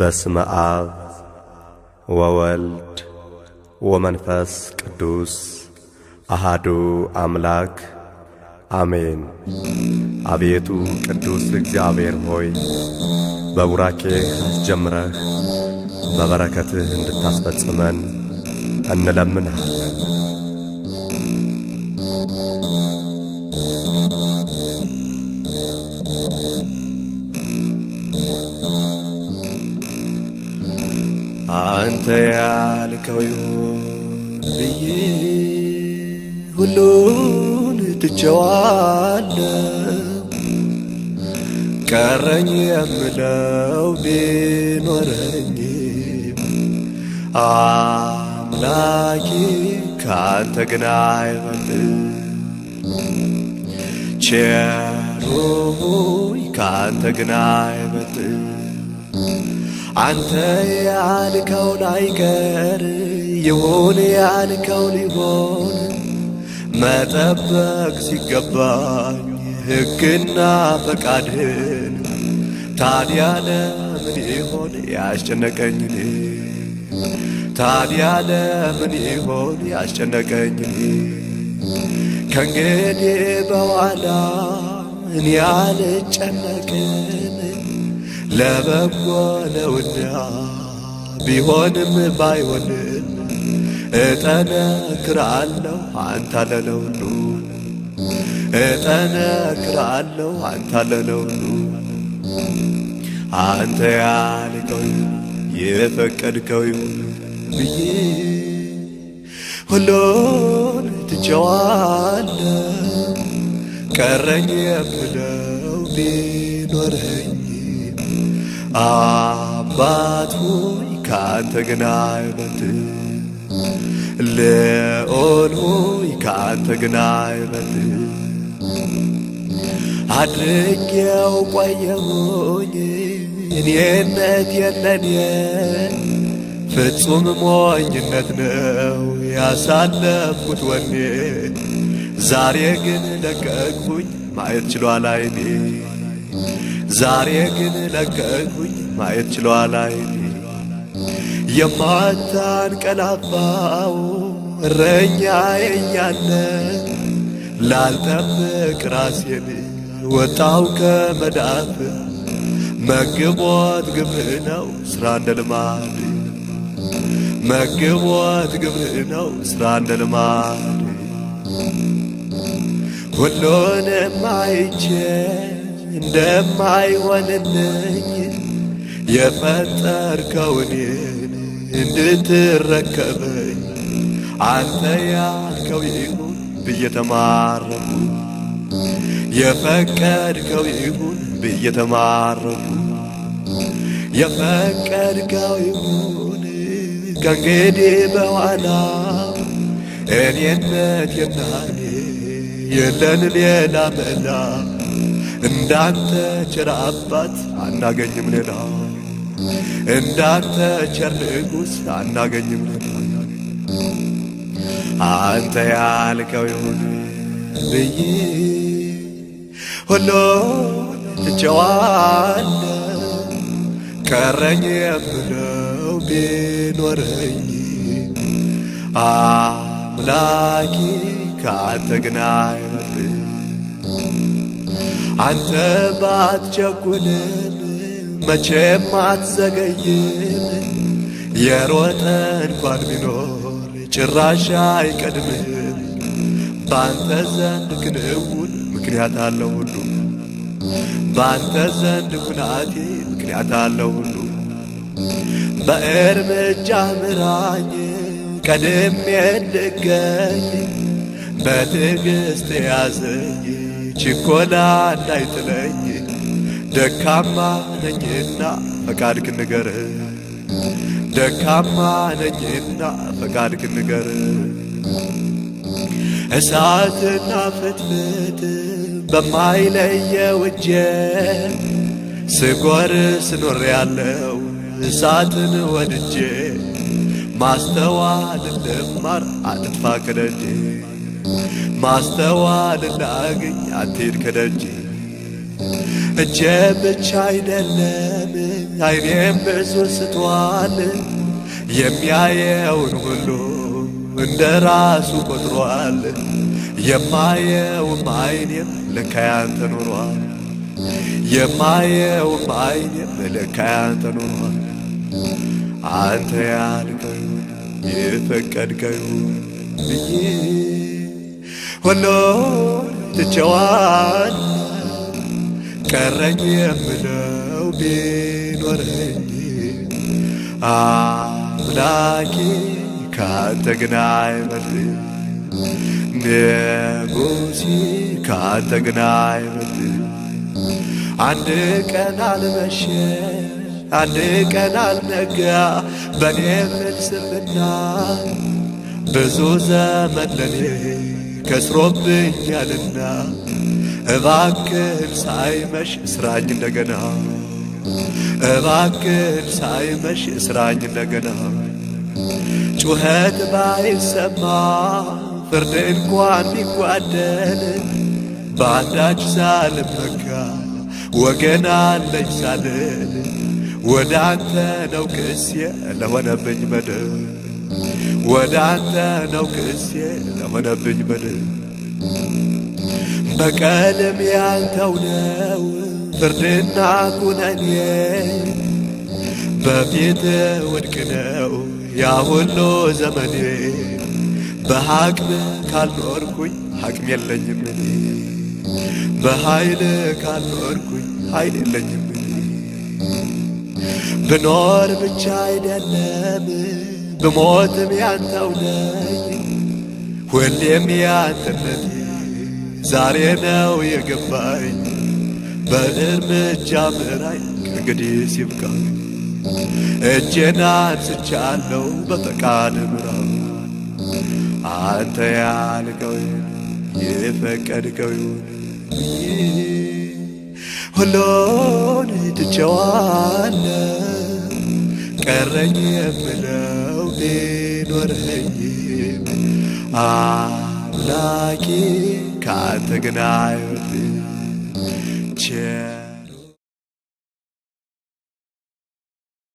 በስመ አብ ወወልድ ወመንፈስ ቅዱስ አሃዱ አምላክ አሜን። አቤቱ ቅዱስ እግዚአብሔር ሆይ በቡራኬህ አስጀምረህ በበረከትህ እንድታስፈጽመን እንለምንሃለን። አንተ ያልከው ይሁን ብዬ ሁሉን ትቼዋለሁ። ቀረኝ የምለው ቢኖረኝ አምላኪ ከአንተ ግን አይበልጥ ቸሮ ሆይ ከአንተ ግን አይበልጥ አንተ ያልከው ላይቀር ይሁን ያልከው ሊሆን መጠበቅ ሲገባኝ ሕግና ፈቃድህን ታዲያ ለምን ይሆን ያስጨነቀኝ ታዲያ ለምን ይሆን ያስጨነቀኝ እኔ? ከእንግዲህ በኋላ እኔ አልጨነቅም ለበጎ ነውና ቢሆንም ባይሆን እጠነክራለሁ አንተ እጠነክራለሁ አንተ አንተ ያልከው የፈቀድከው ይሁን ብዬ ሁሉን ቀረኝ የምለው ቢኖረኝ አባት ሆይ ከአንተ ግን አይበልጥም፣ ልዑል ሆይ ከአንተ ግን አይበልጥም። አድርጌው ቆየሁኝ እኔነት የለኔ ፍጹም ሞኝነት ነው ያሳለፍኩት ወኔ። ዛሬ ግን ለቀቅሁኝ ማየት ችሏል አይኔ ዛሬ ግን ለቀቁኝ ማየት ችሏል አይኔ የማታንቀላፋው እረኛዬ እያለ ላልጠብቅ ራሴን ወጣው ከመዳፍ መግቦት ግብር ነው ስራ እንደ ልማድ መግቦት ግብር ነው ስራ እንደ ልማድ ሁሉንም አይቼ እንደማይሆንልኝ የፈጠርከውን እንድትረከበኝ አንተ ያልከው ይሁን ብዬ ተማረኩ። የፈቀድከው ይሁን ብዬ ተማረኩ። የፈቀድከው ይሁን ከእንግዲህ በኋላ እኔነት የናኔ የለን ሌላ መላ እንዳንተ ቸር አባት አናገኝም ሌላ እንዳንተ ቸር ንጉሥ አናገኝም ሌላ አንተ ያልከው ይሁን ብዬ ሁሉ ትቸዋለ ቀረኝ የምለው ቢኖረኝ አምላኪ ከአንተ ግና አንተ ባትቸኩልን መቼም አትዘገይም። የሮጠ እንኳን ቢኖር ጭራሽ አይቀድምህም። በአንተ ዘንድ ክንውን ምክንያት አለው ሁሉ በአንተ ዘንድ ኩናቴ ምክንያት አለው ሁሉ በእርምጃ ምራኝ ቀድሜ ልገኝ በትዕግሥት ያዘኝ ችኮላ እንዳይጥለኝ ደካማ ነኝና ፈቃድ ክንገር ደካማ ነኝና ፈቃድ ክንገር እሳትና ፍትፍት በማይለየው እጄ ስኖር ያለው እሳትን ወድጄ ማስተዋል ልማር አጥፋ ከደጄ ማስተዋል እንዳገኝ አትሄድ ከደጅ እጄ ብቻ አይደለም አይኔም ብዙ ስቷል የሚያየውን ሁሉ እንደ ራሱ ቆጥሯል። የማየውም አይኔም ልካያን ተኖሯል። ኑሯል። የማየውም አይኔም ልክ ያንተ አንተ ያልከውን የፈቀድከውን ብዬ ሁሉ ትቼዋል ቀረኝ የምለው ቢኖረኝ አምላኬ ካንተ ግን አይበልጥም ንጉሴ ካንተ ግን አይበልጥም። አንድ ቀን አልመሸ አንድ ቀን አልነጋ በኔ ፍልስፍና ብዙ ዘመን ለኔ ከስሮብኛልና እባክል ሳይመሽ እስራኝ እንደገና እባክል ሳይመሽ እስራኝ እንደገና ጩኸት ባይሰማ ፍርድ እንኳን ቢጓደል ሳልመካ ወገን አለኝ ሳልል ወደ አንተ ነው ክስየ ለሆነብኝ በደል ወደ ነው ክሴ ለሆነብኝ በደል በቀልም ያንተው ነው ፍርድና ኩነኔ በፊት ውድቅ ነው ያ ሁሉ ዘመኔ በሐቅም ካልኖርኩኝ ሐቅም የለኝም በኃይል ካልኖርኩኝ ኃይል የለኝም ብኖር ብቻ አይደለም ብሞትም ያንተውነኝ ሁሌም ያንተነት ዛሬ ነው የገባኝ በእርምጃ ምራኝ ከእንግዲህ ሲብቃኝ እጄን አንስቻለሁ በፈቃድ ምራው አንተ ያልከው የፈቀድከው ይሁን ሁሉን ትቼዋለሁ ቀረኝ የምለው ቢኖርኸኝም አምላኬ ከአንተ ግን